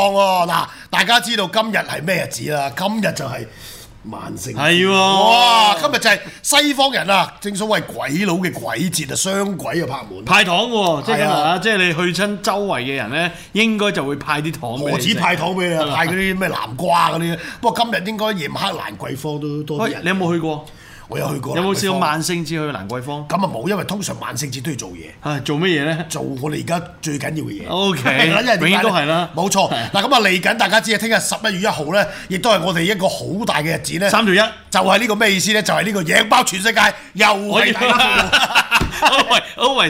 嗱，大家知道今日係咩日子啦？今日就係萬聖節，係啊、哇！今日就係西方人啊，正所謂鬼佬嘅鬼節啊，雙鬼啊拍門派糖喎，即係啊，即係你去親周圍嘅人咧，應該就會派啲糖。何止派糖俾你，啊，派嗰啲咩南瓜嗰啲。不過今日應該夜晚黑蘭桂坊都多啲、哎。你有冇去過？我有去過。有冇試過萬聖節去蘭桂坊？咁啊冇，因為通常萬聖節都要做嘢。係做乜嘢咧？做，呢做我哋而家最緊要嘅嘢。O K，嗱，永遠都係啦。冇錯。嗱咁啊，嚟緊大家知啊，聽日十一月一號咧，亦都係我哋一個好大嘅日子咧。三條一就係呢個咩意思咧？就係、是、呢個贏爆全世界又可以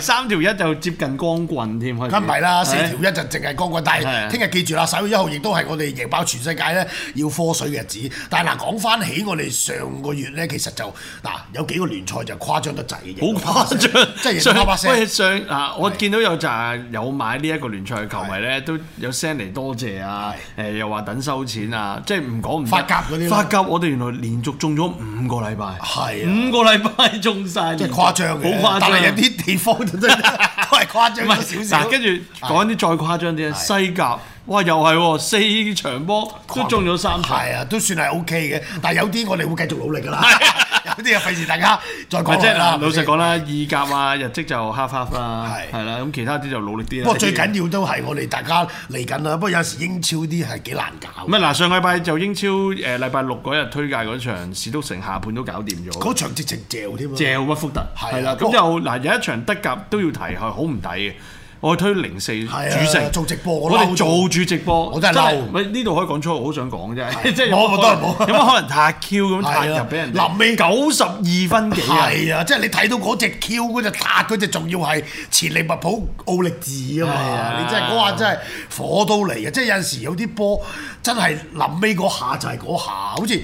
三條一就接近光棍添。梗唔係啦，四的條一就淨係光棍但係。聽日記住啦，十一月一號亦都係我哋贏爆全世界咧要科水嘅日子。但係嗱，講、呃、翻起我哋上個月咧，其實就～嗱，有幾個聯賽就誇張得滯嘅嘢，好誇張，即係嘰嘰噉上啊，我見到有扎有買呢一個聯賽嘅球迷咧，都有 send 嚟多謝啊，誒又話等收錢啊，即係唔講唔發夾啲。發夾，我哋原來連續中咗五個禮拜，係五個禮拜中晒。真係誇張，好誇張。有啲地方都真係都係誇張，唔跟住講啲再誇張啲啊，西甲，哇又係喎，四場波都中咗三，係啊，都算係 OK 嘅。但係有啲我哋會繼續努力㗎啦。有啲嘢費事大家再講啦。即係老實講啦，意甲啊，日職就哈 a l f 啦，係啦，咁其他啲就努力啲啦。不過最緊要都係我哋大家嚟緊啦。不過有時英超啲係幾難搞。唔係嗱，上禮拜就英超誒禮拜六嗰日推介嗰場士都城，下半都搞掂咗。嗰場直情掉添。掉乜福特？係啦。咁又。嗱，有一場德甲都要提下，好唔抵嘅。我推零四主席、啊、做直播，我哋做住直播，我真係的嬲。咪呢度可以講粗，我好想講啫，即係我覺得冇。 有乜可能拍 Q 咁拍就俾人？臨尾九十二分幾啊？係啊，即係、啊就是、你睇到嗰隻 Q 嗰隻拍嗰隻，仲要係前利物浦奧力治啊嘛！啊你真係嗰下真係火到嚟嘅，即係有陣時有啲波真係臨尾嗰下就係嗰下，好似。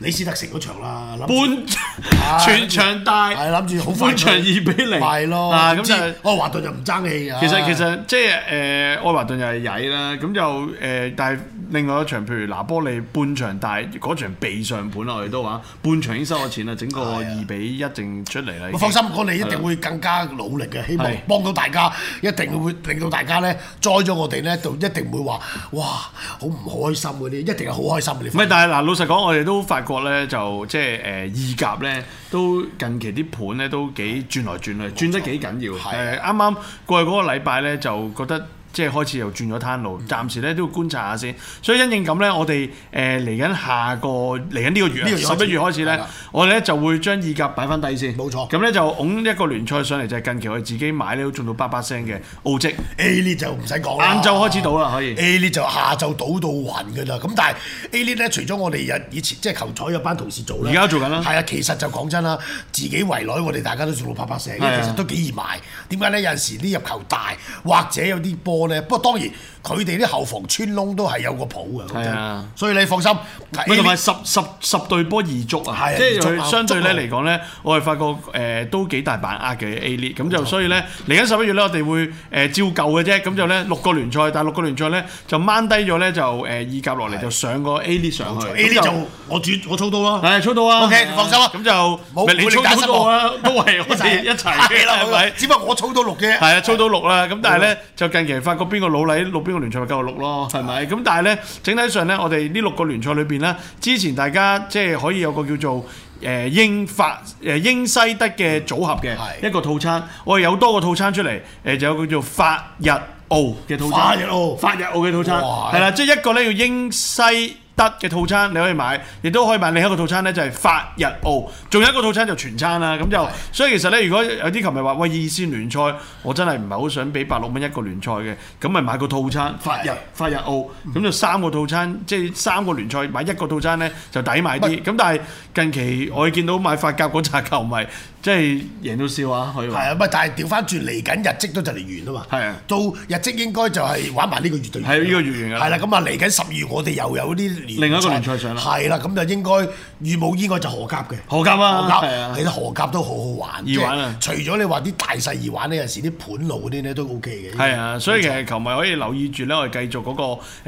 李斯特城嗰場啦，半場、哎、全場大，係諗住好，半場二比零，係咯，啊，咁愛華頓就唔爭氣啊。其實其實即係誒愛華頓又係曳啦，咁就誒但係。另外一場，譬如拿波利半場，但係嗰場備上盤，嗯、我哋都話半場已經收咗錢啦，整個二比一淨出嚟啦。啊、在放心，我哋一定會更加努力嘅，啊、希望幫到大家，一定會令到大家咧栽咗我哋咧，就一定唔會話哇好唔開心嗰啲，一定係好開心唔係，但係嗱，老實講，我哋都發覺咧，就即係誒意甲咧，都近期啲盤咧都幾轉來轉去，錯轉得幾緊要。係啱啱過去嗰個禮拜咧，就覺得。即係開始又轉咗攤路，暫時咧都要觀察下先。所以因應咁咧，我哋誒嚟緊下個嚟緊呢個月十一月開始咧，我哋咧就會將意甲擺翻低先。冇錯呢。咁咧就拱一個聯賽上嚟，就係近期我哋自己買咧都中到叭叭聲嘅澳職 A 列就唔使講啦。晏晝開始賭啦，啊，可以。A 列就下晝賭到暈㗎啦。咁但係 A 列咧，除咗我哋有以前即係球彩有班同事做啦，而家做緊啦。係啊，其實就講真啦，自己圍內我哋大家都做到叭叭聲其實都幾易買。點解咧？有陣時啲入球大或者有啲波。不過當然佢哋啲後防穿窿都係有個譜嘅，所以你放心。佢同埋十十十對波移足啊，即係相對咧嚟講咧，我係發覺誒都幾大把握嘅 A 列，咁就所以咧嚟緊十一月咧，我哋會誒照舊嘅啫，咁就咧六個聯賽，但係六個聯賽咧就掹低咗咧就誒二甲落嚟就上個 A 列上去。A 列就我轉我操刀啦，係操刀啊！OK，放心啦，咁就唔係你操到啊，都係我哋一齊嘅啦，係唔係？只不過我操到六啫，係啊，操到六啦，咁但係咧就近期分。錄邊個老嚟，錄邊個聯賽咪繼續錄咯，係咪吧？咁但係呢，整體上呢，我哋呢六個聯賽裏邊呢，之前大家即係可以有個叫做誒英法誒英西德嘅組合嘅一個套餐，的我哋有多個套餐出嚟，誒就有個叫做法日澳嘅套餐，法日澳，嘅套餐，係啦哇，即係一個呢叫英西。得嘅套餐你可以買，亦都可以買另一個套餐呢就係法日澳，仲有一個套餐就全餐啦。咁就是的 所以其實呢，如果有啲球迷話喂，二線聯賽，我真係唔係好想俾八六蚊一個聯賽嘅，咁咪買個套餐法日法日澳，咁、嗯、就三個套餐，即、就、係、是、三個聯賽買一個套餐呢，就抵買啲。咁是但係近期我見到買法甲嗰扎球迷。即係贏到笑啊！可以話係啊，唔但係調翻轉嚟緊日積都就嚟完啊嘛。係啊，到日積應該就係玩埋呢個月對月。呢個月完。係啦，咁啊嚟緊十月我哋又有啲另一個聯賽上啦。係啦，咁就應該預冇應該就荷甲嘅。荷甲啊！荷甲，其實荷甲都好好玩。易玩啊！除咗你話啲大細易玩呢，有時啲盤路嗰啲咧都 O K 嘅。係啊，所以其實球迷可以留意住咧，我哋繼續嗰個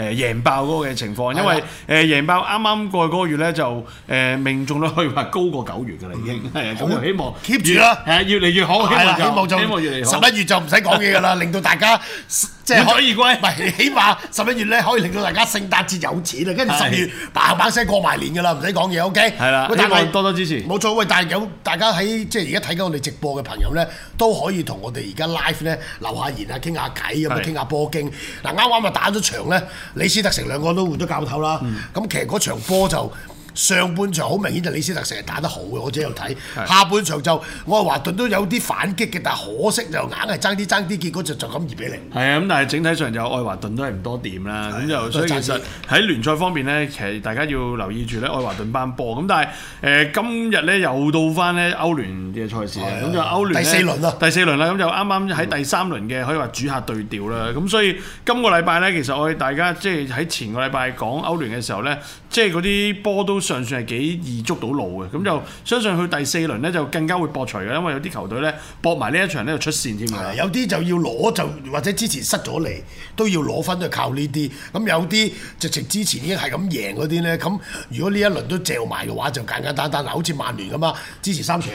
誒贏爆嗰個嘅情況，因為誒贏爆啱啱過去嗰個月咧就誒命中率可以話高過九月㗎啦，已經係咁希望。keep 住咯，係越嚟越好，希望就十一月就唔使講嘢噶啦，令到大家即係可以歸。唔係，起碼十一月咧可以令到大家聖誕節有錢啦，跟住十二月叭叭聲過埋年噶啦，唔使講嘢，OK？係啦，各位多多支持。冇錯，喂！但係有大家喺即係而家睇緊我哋直播嘅朋友咧，都可以同我哋而家 live 咧留下言啊，傾下偈，咁樣傾下波經。嗱，啱啱咪打咗場咧，李斯特城兩個都換咗教頭啦。咁其實嗰場波就～上半場好明顯就李斯特成日打得好嘅，我自己有睇。是的 下半場就愛華頓都有啲反擊嘅，但係可惜就硬係爭啲爭啲，結果就就咁二比零。係啊，咁但係整體上就愛華頓都係唔多掂啦。咁的就所以其實喺聯賽方面呢，其實大家要留意住咧愛華頓班波。咁但係誒、呃、今日呢，又到翻咧歐聯嘅賽事。咁的就歐聯第四輪啦。第四輪啦，咁就啱啱喺第三輪嘅可以話主客對調啦。咁的所以今個禮拜呢，其實我哋大家即係喺前個禮拜講歐聯嘅時候呢，即係嗰啲波都。尚算係幾易捉到路嘅，咁就相信佢第四輪呢，就更加會博除嘅，因為有啲球隊呢，博埋呢一場呢，就出線添。有啲就要攞就，或者之前失咗嚟都要攞分都靠呢啲。咁有啲直情之前已經係咁贏嗰啲呢。咁如果呢一輪都掉埋嘅話，就簡簡單單嗱。好似曼聯咁啊，之前三場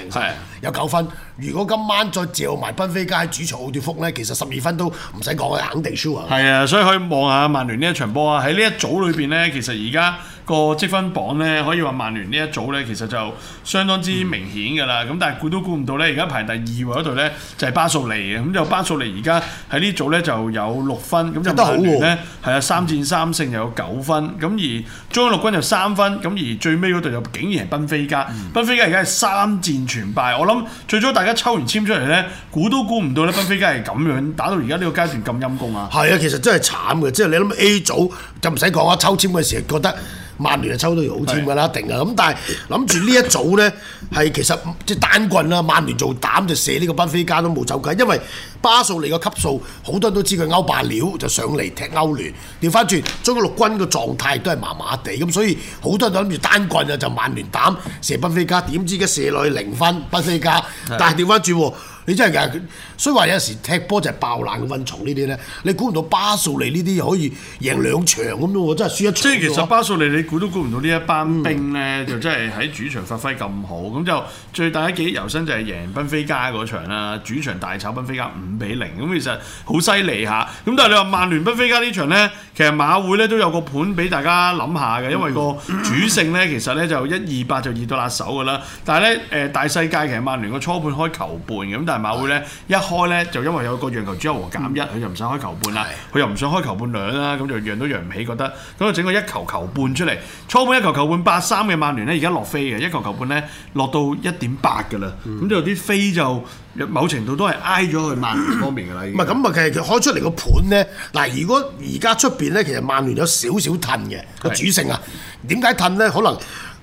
有九分，如果今晚再掉埋賓菲加主場奧脫福呢，其實十二分都唔使講佢肯定 sure。係啊，所以可以望下曼聯呢一場波啊。喺呢一組裏邊呢，其實而家。個積分榜咧，可以話曼聯呢一組咧，其實就相當之明顯㗎啦。咁、嗯、但係估都估唔到咧，而家排第二位嗰度咧就係巴素利嘅。咁就巴素利而家喺呢組咧就有六分，咁就、嗯、曼聯咧係啊三戰三勝又有九分。咁而中央陸軍就三分，咁而最尾嗰度就竟然賓菲加。賓菲、嗯、加而家係三戰全敗。我諗最早大家抽完籤出嚟咧，估都估唔到咧賓菲加係咁樣打到而家呢個階段咁陰功啊！係啊，其實真係慘嘅。即、就、係、是、你諗 A 組就唔使講啦，抽籤嗰時候覺得。曼聯就抽到又好簽㗎啦，是的 定啊咁，但係諗住呢一組呢，係其實即單棍啦，曼聯做膽就射呢個賓菲加都冇走雞，因為巴素利個級數好多人都知佢歐霸料就上嚟踢歐聯，調翻轉中央陸軍個狀態都係麻麻地咁，所以好多人都諗住單棍啊就曼聯膽射賓菲加，點知嘅射落去零分賓菲加，但係調翻轉喎。是的 嗯你真係㗎，所以話有時踢波就係爆冷嘅溫床呢啲咧。你估唔到巴素利呢啲可以贏兩場咁喎，真係輸一場。即係其實巴素利你估都估唔到呢一班兵咧，嗯、就真係喺主場發揮咁好。咁就最大嘅記憶猶新就係贏賓菲加嗰場啦，主場大炒賓菲加五比零咁，其實好犀利吓。咁但係你話曼聯賓菲加場呢場咧，其實馬會咧都有個盤俾大家諗下嘅，因為個主勝咧其實咧就一二八就熱到辣手㗎啦。但係咧誒大世界其實曼聯個初盤開球盤咁，但係馬會咧一開咧就因為有個讓球主和減一、嗯，佢就唔想開球半啦，佢是的 又唔想開球半兩啦，咁就讓都讓唔起，覺得咁就整個一球球半出嚟，初盤一球球半八三嘅曼聯咧而家落飛嘅一球球半咧落到一點八嘅啦，咁就啲飛就某程度都係挨咗去曼聯方面嘅啦。唔係咁，咪在其實佢開出嚟個盤咧，嗱如果而家出面咧，其實曼聯有少少褪嘅個主勝啊，點解褪咧？可能。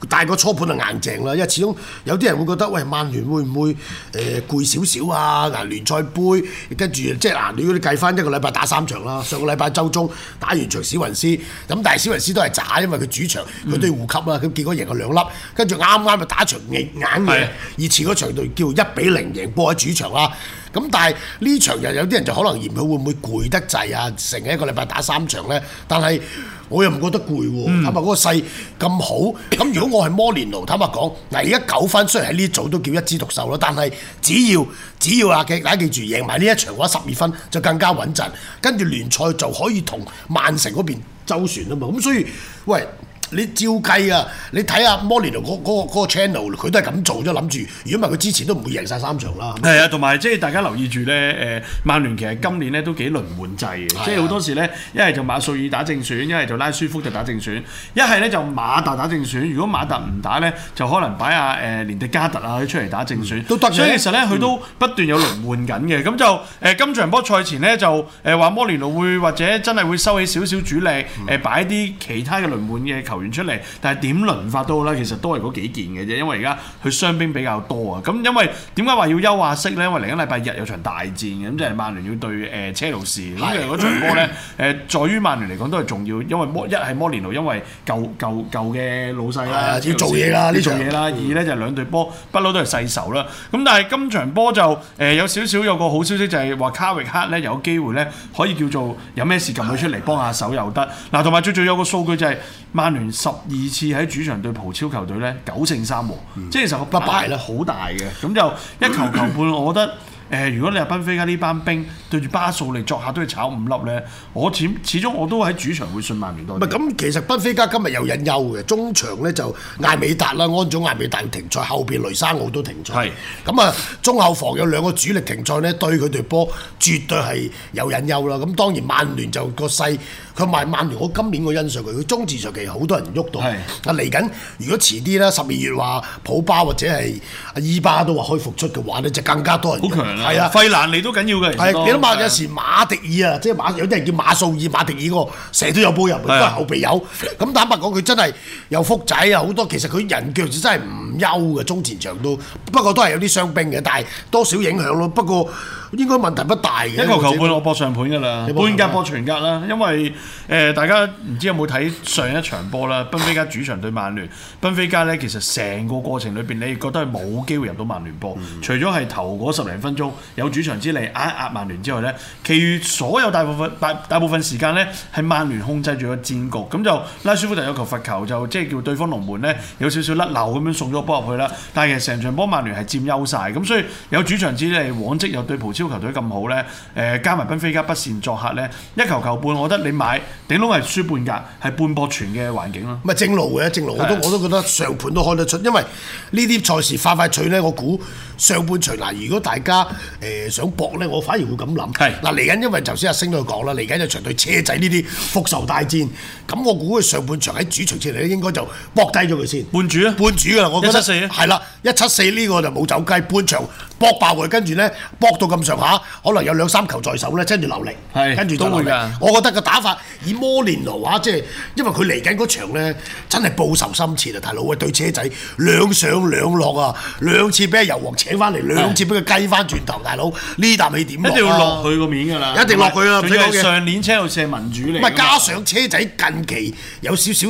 但係個初盤就硬淨啦，因為始終有啲人會覺得，喂曼聯會唔會誒攰少少啊？嗱聯賽杯，跟住即係嗱、啊、你嗰啲計翻一，一個禮拜打三場啦，上個禮拜周中打完場小雲斯，咁但係小雲斯都係渣，因為佢主場佢都要護級啊。咁結果贏咗兩粒，跟住啱啱就打場硬硬嘅，以前嗰場對叫一比零贏波喺主場啦。咁但係呢場又有啲人就可能嫌佢會唔會攰得滯啊？成一個禮拜打三場呢。但係我又唔覺得攰喎。咁啊、嗯，坦白講，嗰、嗰個勢咁好，咁如果我係摩連奴，坦白講，嗱，而家九分雖然喺呢組都叫一枝獨秀咯，但係只要只要阿嘅大家記住，贏埋呢一場嘅話，十二分就更加穩陣，跟住聯賽就可以同曼城嗰邊周旋啊嘛。咁所以，喂。你照計啊！你睇下摩連奴嗰嗰個嗰、嗰個 channel，佢都係咁做啫，諗住如果唔係佢之前都唔會贏晒三場啦。係啊，同埋即係大家留意住咧，誒，曼聯其實今年咧都幾輪換制嘅，即係好多時咧，一係就馬蘇爾打正選，一係就拉舒福特打正選，一係咧就馬特打正選。如果馬特唔打咧，嗯、就可能擺下誒連迪加特啊出嚟打正選，嗯、都得。所以其實咧，佢、嗯、都不斷有輪換緊嘅。咁就誒今場波賽前咧就誒話摩連奴會或者真係會收起少少主力，誒、嗯、擺啲其他嘅輪換嘅球出嚟，但係點輪法都好啦，其實都係嗰幾件嘅啫，因為而家佢傷兵比較多啊。咁因為點解話要休下息咧？因為嚟緊禮拜日有場大戰嘅，咁就係曼聯要對誒、呃、車路士。咁其實嗰場波咧，誒、 呃、在於曼聯嚟講都係重要，因為一摩一係摩連奴，因為舊舊舊嘅老細啦，要做嘢啦，做呢做嘢啦。二咧就是、兩隊波不嬲都係世仇啦。咁但係今場波就誒、呃、有少少有個好消息，就係、是、話卡域克咧有機會咧可以叫做有咩事撳佢出嚟幫下手又得。嗱，同埋最最有個數據就係曼聯。十二次喺主場對葡超球隊咧，九勝三和、哦，即係其實個不敗啦，好大嘅咁就一球球半， 我覺得誒、呃，如果你係賓菲加呢班兵。對住巴素嚟作客都要炒五粒咧，我始始終我都喺主場會信曼聯多，唔係咁，其實賓菲加今日有隱憂嘅，中場咧就艾美達啦，安祖艾美達停賽，後邊雷生奧都停賽。係是。咁啊，中後防有兩個主力停賽咧，對佢哋波絕對係有隱憂啦。咁當然曼聯就個勢，佢賣曼聯，我今年個欣賞佢，佢中字上期好多人喐到。係是。啊嚟緊，如果遲啲啦，十二月話普巴或者係阿伊巴都話可以復出嘅話咧，就更加多人。好強啊！係啊，費蘭尼都緊要嘅。係。啊！有時馬迪爾啊，即係馬有啲人叫馬素爾、馬迪爾個，成日都有報入面都係後備友。咁坦白講，佢真係有福仔啊！好多其實佢人腳就真係唔優嘅，中前場都不過都係有啲傷兵嘅，但係多少影響咯。不過。應該問題不大嘅，一球球半落博上盤嘅啦，半格博全格啦。因為誒、呃，大家唔知有冇睇上一場波啦？賓菲加主場對曼聯，賓菲加咧其實成個過程裏邊，你覺得係冇機會入到曼聯波。除咗係頭嗰十零分鐘有主場之利壓壓曼聯之外咧，其餘所有大部分大大部分時間咧係曼聯控制住個戰局。咁就拉舒福特有球罰球就即係、就是、叫對方龍門咧有少少甩漏咁樣送咗波入去啦。但係其實成場波曼聯係佔優晒，咁所以有主場之利往績有對浦要求隊咁好呢，誒加埋賓菲加不善作客呢，一球球半，我覺得你買頂籠係輸半格，係半博全嘅環境咯。咪正路嘅正路，的我都我都覺得上盤都看得出，因為呢啲賽事快快脆呢，我估。上半場嗱，如果大家誒想搏咧，我反而會咁諗。係嗱是，嚟緊因為頭先阿星都講啦，嚟緊一場對車仔呢啲復仇大戰，咁我估佢上半場喺主場前嚟咧，應該就搏低咗佢先。半主啊！半主噶、啊、我覺得七四啊、係啦、啊，一七四呢個就冇走雞，半場搏爆佢，跟住咧搏到咁上下，可能有兩三球在手咧，跟住留力，跟住都會噶。我覺得個打法以摩連奴嚇，即係因為佢嚟緊嗰場咧，真係報仇心切啊！大佬啊，對車仔兩上兩落啊，兩次俾人遊惑翻嚟兩次，畀佢計翻轉頭，的大佬呢啖氣點落啊？一定要落佢個面㗎啦！一定落佢啊！仲是上年車路士民主嚟，唔係加上車仔近期有少少。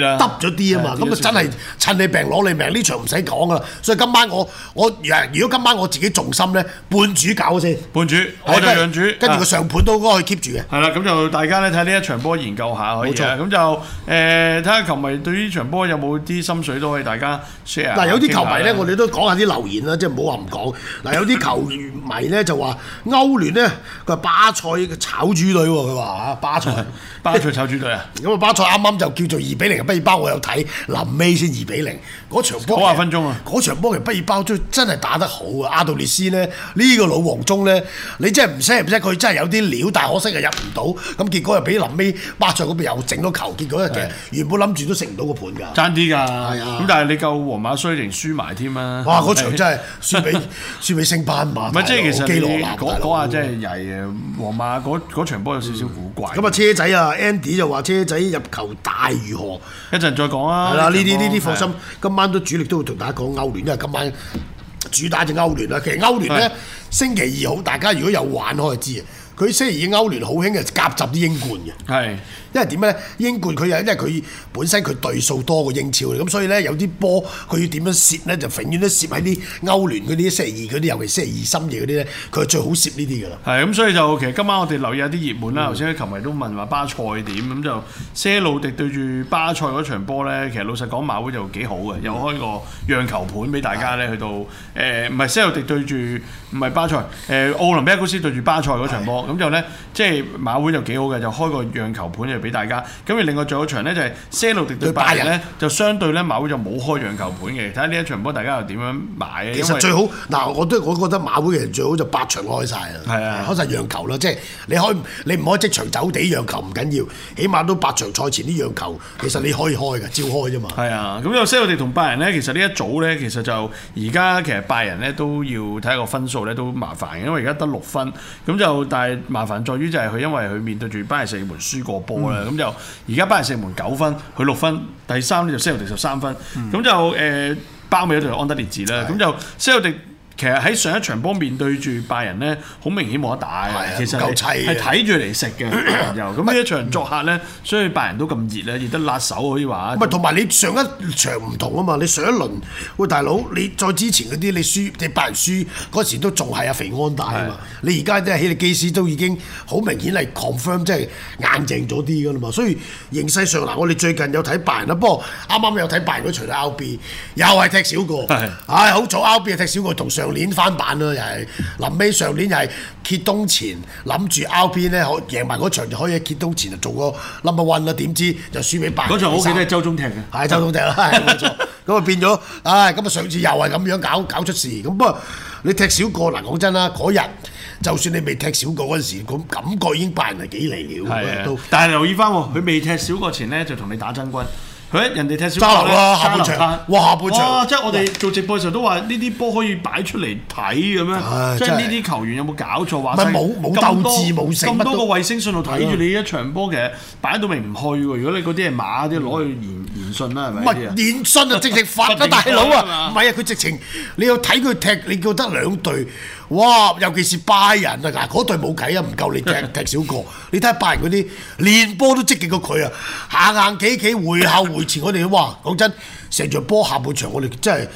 揼咗啲啊嘛，咁啊的真係趁你病攞的你命，呢場唔使講啦。所以今晚我我如果今晚我自己重心咧，半主搞先，半主，的我就讓主。跟住個上盤都都可以 keep 住嘅。係啦，咁就大家咧睇下呢一場波，研究下可以啊。咁錯就誒睇下球迷對於呢場波有冇啲心水，都可以大家 share。嗱，有啲球迷咧，我哋都講下啲留言啦，即係唔好話唔講。嗱， 有啲球迷咧就話歐聯咧佢係巴塞個炒主隊喎，佢話嚇巴塞。 巴塞炒主隊啊！咁啊，巴塞啱啱就叫做二比零嘅畢爾包，我有睇，臨尾先二比零嗰場波，九啊分鐘啊！嗰場波其實畢爾包真真係打得好啊！阿杜列斯咧，呢個老黃忠咧，你真係唔識入唔識佢，真係有啲料，但係可惜係入唔到。咁結果又俾臨尾巴塞嗰邊又整咗球，結果一隻原本諗住都食唔到個盤㗎。爭啲㗎，係啊！咁但係你夠皇馬衰型輸埋添啊！哇！嗰場真係輸俾輸俾升班馬，唔係即係其實基羅納嗰下真係曳啊！皇馬嗰場波有少少古怪。咁啊，車仔啊！Andy 就話車仔入球大如何？一陣再講啊！係啦，呢啲呢啲放心，今晚都主力都會同大家講歐聯，因為今晚主打就歐聯啦。其實歐聯咧，是的 星期二好，大家如果有玩可以，我就知。佢星期二歐聯好興嘅，夾雜啲英冠嘅。係是，因為點咧？英冠佢又因為佢本身佢對數多過英超嘅，咁所以咧有啲波佢要點樣攝咧，就永遠都攝喺啲歐聯嗰啲、星期二嗰啲，尤其星期二深夜嗰啲咧，佢係最好攝呢啲㗎啦。係，咁所以就其實今晚我哋留意一下啲熱門啦。頭先琴日都問話巴塞點咁就西魯迪對住巴塞嗰場波咧，其實老實講馬會就幾好嘅，嗯、有開個讓球盤俾大家咧，嗯、去到誒唔係西魯迪對住唔係巴塞，誒、呃、奧林比亞克斯對住巴塞嗰場波。嗯。咁就咧，即係馬會就幾好嘅，就開個讓球盤就俾大家。咁而另外再有場咧就係些路迪對拜仁咧，就相對咧馬會就冇開讓球盤嘅。睇下呢一場波大家又點樣買。其實最好嗱為，我都我覺得馬會嘅人最好就八場開曬啦，係啊，開晒讓球啦，即係你開你唔可以即場走地讓球唔緊要，起碼都八場賽前呢讓球，其實你可以開嘅，照開啫嘛。係啊，咁又些路迪同拜仁咧，其實呢一組咧，其實就而家其實拜仁咧都要睇下個分數咧都麻煩嘅，因為而家得六分，咁就但係。麻煩在於就係佢因為佢面對住巴黎四門輸過波啦，咁、嗯、就而家巴黎四門九分，佢六分，第三呢就些路迪十三分，咁、嗯、就誒、呃、包尾咗，就安德烈治啦，咁、嗯、就些路迪。其實喺上一場波面對住拜仁咧，好明顯冇得打。其實夠砌，係睇住嚟食嘅，咁呢 一場咳咳作客咧，所以拜仁都咁熱咧，熱得辣手可以話。唔係同埋你上一場唔同啊嘛，你上一輪喂，大佬，你再之前嗰啲你輸，踢拜仁輸嗰時都仲係阿肥安大啊嘛。是的 你而家啲希利基斯都已經好明顯係 confirm 即係硬淨咗啲噶啦嘛。所以形勢上嗱，我哋最近有睇拜仁啦，不過，啱啱有睇拜仁嗰場嘅歐 b 又係踢少個，唉是的、哎，好早歐 b 係踢少個同上年翻版咯，又係臨尾上年又係揭東前諗住 out 邊咧，可贏埋嗰場就可以喺揭東前就做個 number one 啦。點知就輸俾拜仁。嗰場好似都係周中踢嘅。係周中踢啦，冇 錯。咁啊變咗，唉、哎，咁啊上次又係咁樣搞搞出事。咁不過你踢少過嗱，講真啦，嗰日就算你未踢少過嗰陣時，咁感覺已經拜仁係幾離譜。係的都。但係留意翻喎，佢未踢少過前咧就同你打真軍。佢人哋踢小下半場哇，下半場即係我哋做直播嘅時候都話呢啲波可以擺出嚟睇咁樣，即係呢啲球員有冇搞錯話？唔冇冇鬥志冇，咁多個衛星信號睇住你一場波，嘅，實擺到明唔去喎。如果你嗰啲係馬啲攞去連連信啦，係咪先？連信啊，直情發噶大佬啊，唔係啊，佢直情你有睇佢踢，你叫得兩隊，哇！尤其是拜仁啊，嗱嗰隊冇計啊，唔夠你踢踢小過。你睇下拜仁嗰啲練波都積極過佢啊，硬硬企企回後回前我，我哋哇講真，成場波下半場我哋真係～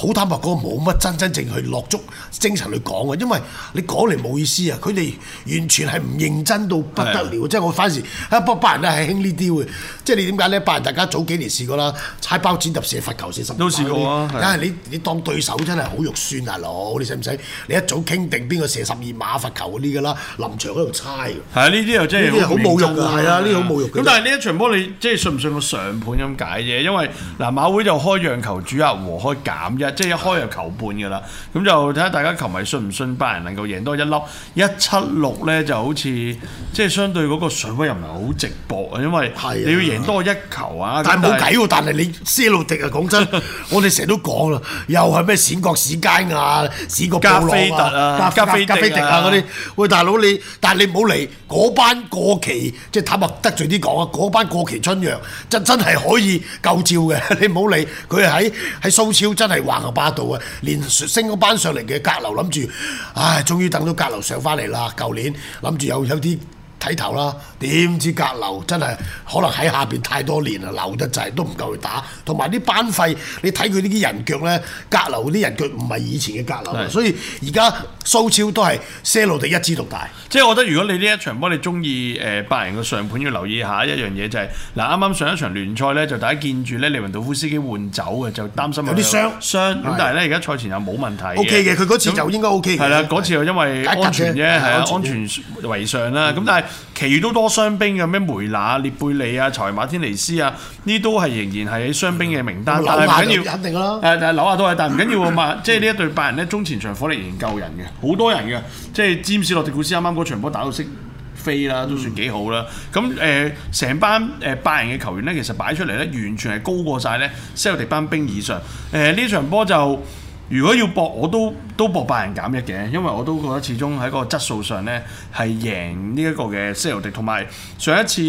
好坦白，嗰冇乜真真正去落足精神去講啊！因為你講嚟冇意思啊！佢哋完全係唔認真到不得了，即係我嗰陣時，一班人啊係興呢啲喎，即係你點解咧？百人大家早幾年試過啦，猜包剪揼射罰，罰球先十。射罰罰射都試過啊！梗係你你當對手真係好肉酸啊！佬，你使唔使你一早傾定邊個射十二碼罰球嗰啲㗎啦？臨場喺度猜。係啊！呢啲又真係好侮辱。係啊！呢好侮辱。咁但係呢一場波你即係信唔信我上盤咁解啫？因為嗱，馬會就開讓球主客和開減一。即係一開就球半㗎啦，咁是的 就睇下大家球迷信唔信拜仁能夠贏多一粒一七六咧，就好似即係相對嗰個水位又唔係好值博啊，因為你要贏多一球 啊。但係冇計喎，但係你些路迪啊，講真，我哋成日都講啦，又係咩閃角史佳啊，史角布羅啊、加菲特啊、加菲加菲迪啊嗰啲。喂、啊，大佬、啊啊、你，但係你唔好嚟嗰班過期，即係坦白得罪啲講啊，嗰班過期春藥真真係可以救照嘅，你唔好理佢喺喺蘇超，蘇超真係玩。巴度啊！連升嗰班上嚟嘅閣樓諗住，唉，終於等到閣樓上翻嚟啦！舊年諗住有有啲。睇頭啦，點知隔樓真係可能喺下邊太多年啊，流得滯都唔夠佢打，同埋啲班費，你睇佢呢啲人腳咧，隔樓啲人腳唔係以前嘅隔樓，所以而家蘇超都係些路迪一支獨大。即係我覺得，如果你呢一場波你中意誒拜仁嘅上盤，要留意下一樣嘢就係嗱，啱啱上一場聯賽咧，就大家見住咧利雲道夫斯基換走嘅，就擔心有啲傷傷。咁但係咧，而家賽前又冇問題。O K 嘅，佢嗰次就應該 O K 嘅。係啦，嗰次就因為安全啫，係安全為上啦。咁但係其餘都多傷兵嘅，咩梅拿、列貝利啊、柴馬天尼斯啊，呢都係仍然係喺傷兵嘅名單，嗯，但係唔緊要，嗯。扭下肯定嘅啦。誒誒，紐亞都係，但係唔緊要啊嘛。即係呢一隊白人咧，中前場火力仍然夠人嘅，好多人嘅。即、就、係、是、詹士洛迪古斯啱啱嗰場波打到識飛啦，都算幾好啦、嗯。咁誒，成班誒白人嘅球員咧，其實擺出嚟咧，完全係高過晒咧塞爾迪班兵以上。誒呢場波就。如果要搏，我都都搏拜仁減一嘅，因為我都覺得始終喺個質素上咧係贏呢一個嘅些路迪，同埋上一次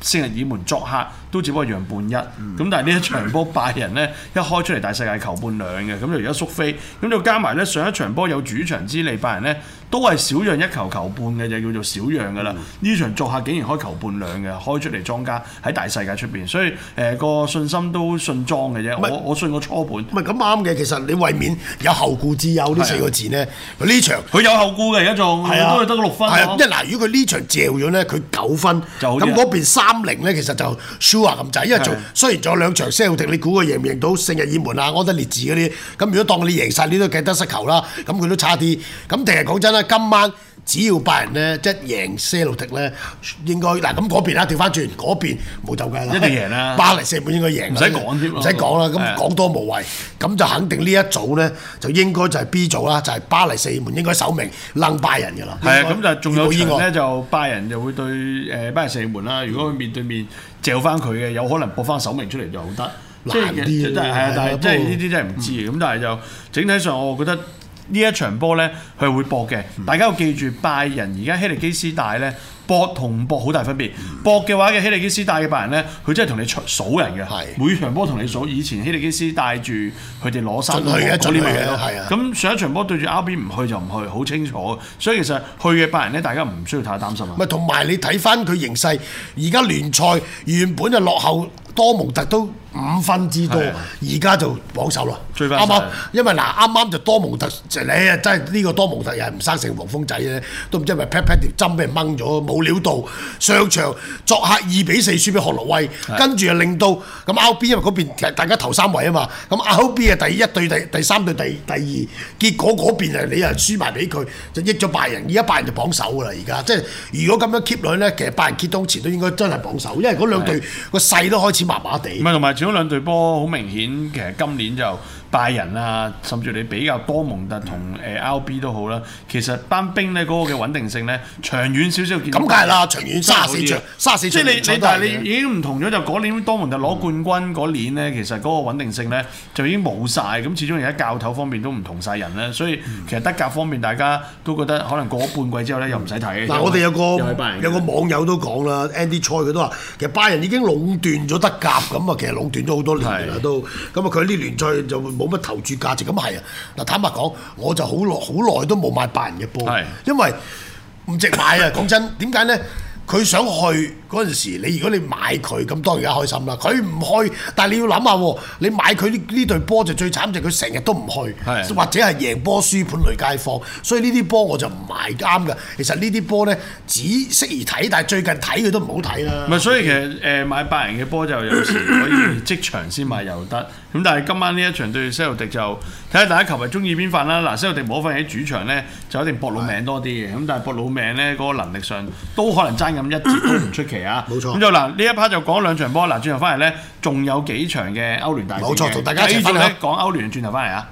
聖日耳門作客。都只不過讓半一，咁但係呢一場波拜仁呢，一開出嚟大世界球半兩嘅，咁就而家縮飛，咁就加埋呢上一場波有主場之利，拜仁呢，都係少讓一球球半嘅就叫做少讓噶啦。呢、嗯、場作客竟然開球半兩嘅，開出嚟莊家喺大世界出邊，所以誒個、呃、信心都信莊嘅啫但。我我信個初盤。唔係咁啱嘅，其實你為免有後顧之憂呢的四個字呢，呢場佢有後顧嘅而家仲都係得六分。係啊的，一嗱如果佢呢場掉咗呢，佢九分，咁嗰邊三零呢，其實就。話咁滯，因為仲是的 雖然仲有兩場些路迪，你估佢贏唔贏到？聖日耳門啊，安德烈治嗰啲，咁如果當你贏晒，你都計得失球啦。咁佢都差啲。咁定係講真啦，今晚。只要拜仁咧，一贏西路迪咧，應該嗱咁嗰邊啦，調翻轉嗰邊冇走㗎啦，一定贏啦。巴黎四門應該贏，唔使講添，唔使講啦，咁講多無謂。咁就肯定呢一組咧，就應該就係 B 組啦，就係巴黎四門應該首名掙拜仁㗎啦。係啊，咁就仲有咧，就拜仁就會對誒巴黎四門啦。如果佢面對面掉翻佢嘅，有可能搏翻首名出嚟就好得，難啲。係啊，但係即係呢啲真係唔知嘅。咁但係就整體上，我覺得。呢一場波呢，佢會搏嘅。大家要記住，拜仁而家希利基斯帶呢，搏同唔搏好大分別。嗯、搏嘅話嘅希利基斯帶嘅拜仁呢，佢真係同你數人嘅。是每場波同你數。以前希利基斯帶住佢哋攞三分，去嘅。咁上一場波對住 RB 唔去就唔去，好清楚。所以其實去嘅拜仁呢，大家唔需要太擔心啊。同埋你睇翻佢形勢，而家聯賽原本就落後，多蒙特都五分之多，而家就榜首啦。最啱啱，因為嗱，啱啱就多蒙特，就你啊，真係呢個多蒙特又係唔生成黃蜂仔咧，都唔知係咪 pat pat 條針俾人掹咗，冇料到上場作客二比四輸俾漢諾威，跟住又令到咁阿 RB 因為嗰邊其實大家頭三位啊嘛，咁阿 RB 啊第一對第第三對第第二，結果嗰邊啊你啊輸埋俾佢，就益咗拜仁，而家拜仁就榜首噶啦，而家即係如果咁樣 keep 落去咧，其實拜仁 keep 到目前都應該真係榜首，因為嗰兩隊個勢都開始。麻麻哋唔係，同埋前嗰兩隊波好明顯。其實今年就。拜仁啊，甚至你比較多蒙特同誒 LB 都好啦，其實班兵咧嗰個嘅穩定性咧，長遠少少見到。咁梗係啦，長遠卅四場，卅四場，即係你你但係你已經唔同咗，就嗰年多蒙特攞冠軍嗰年咧，其實嗰個穩定性咧就已經冇晒。咁始終而家教頭方面都唔同晒人咧，所以其實德甲方面大家都覺得可能過半季之後咧又唔使睇。嗱、嗯，我哋有個有個網友都講啦，Andy Choi 佢都話，其實拜仁已經壟斷咗德甲咁啊，其實壟斷咗好多年啦是是都。咁啊，佢啲是聯賽就會。冇乜投注價值咁係啊！嗱，坦白講，我就好耐好耐都冇買拜仁嘅波，是的 因為唔值買啊！講真，點解咧？佢想去嗰陣時，你如果你買佢，咁當然而家開心啦。佢唔去，但係你要諗下，你買佢呢呢對波就最慘，就佢成日都唔去，是的 或者係贏波輸盤累街坊，所以呢啲波我就唔買啱嘅。其實呢啲波咧，只適宜睇，但係最近睇佢都唔好睇啦，啊。唔係，所以其實誒買拜仁嘅波就有時可以即場先買又得。 咁但係今晚呢一場對西魯迪就睇下大家球迷中意邊份啦。嗱，西魯迪冇份喺主場咧，就一定搏老命多啲嘅。咁的但係搏老命咧，嗰個能力上都可能爭咁一節 都唔出奇啊。冇錯。咁就嗱，呢一 part 就講兩場波。嗱，轉頭翻嚟咧，仲有幾場嘅歐聯大戰。冇錯，同大家講一講歐聯轉頭翻嚟啊。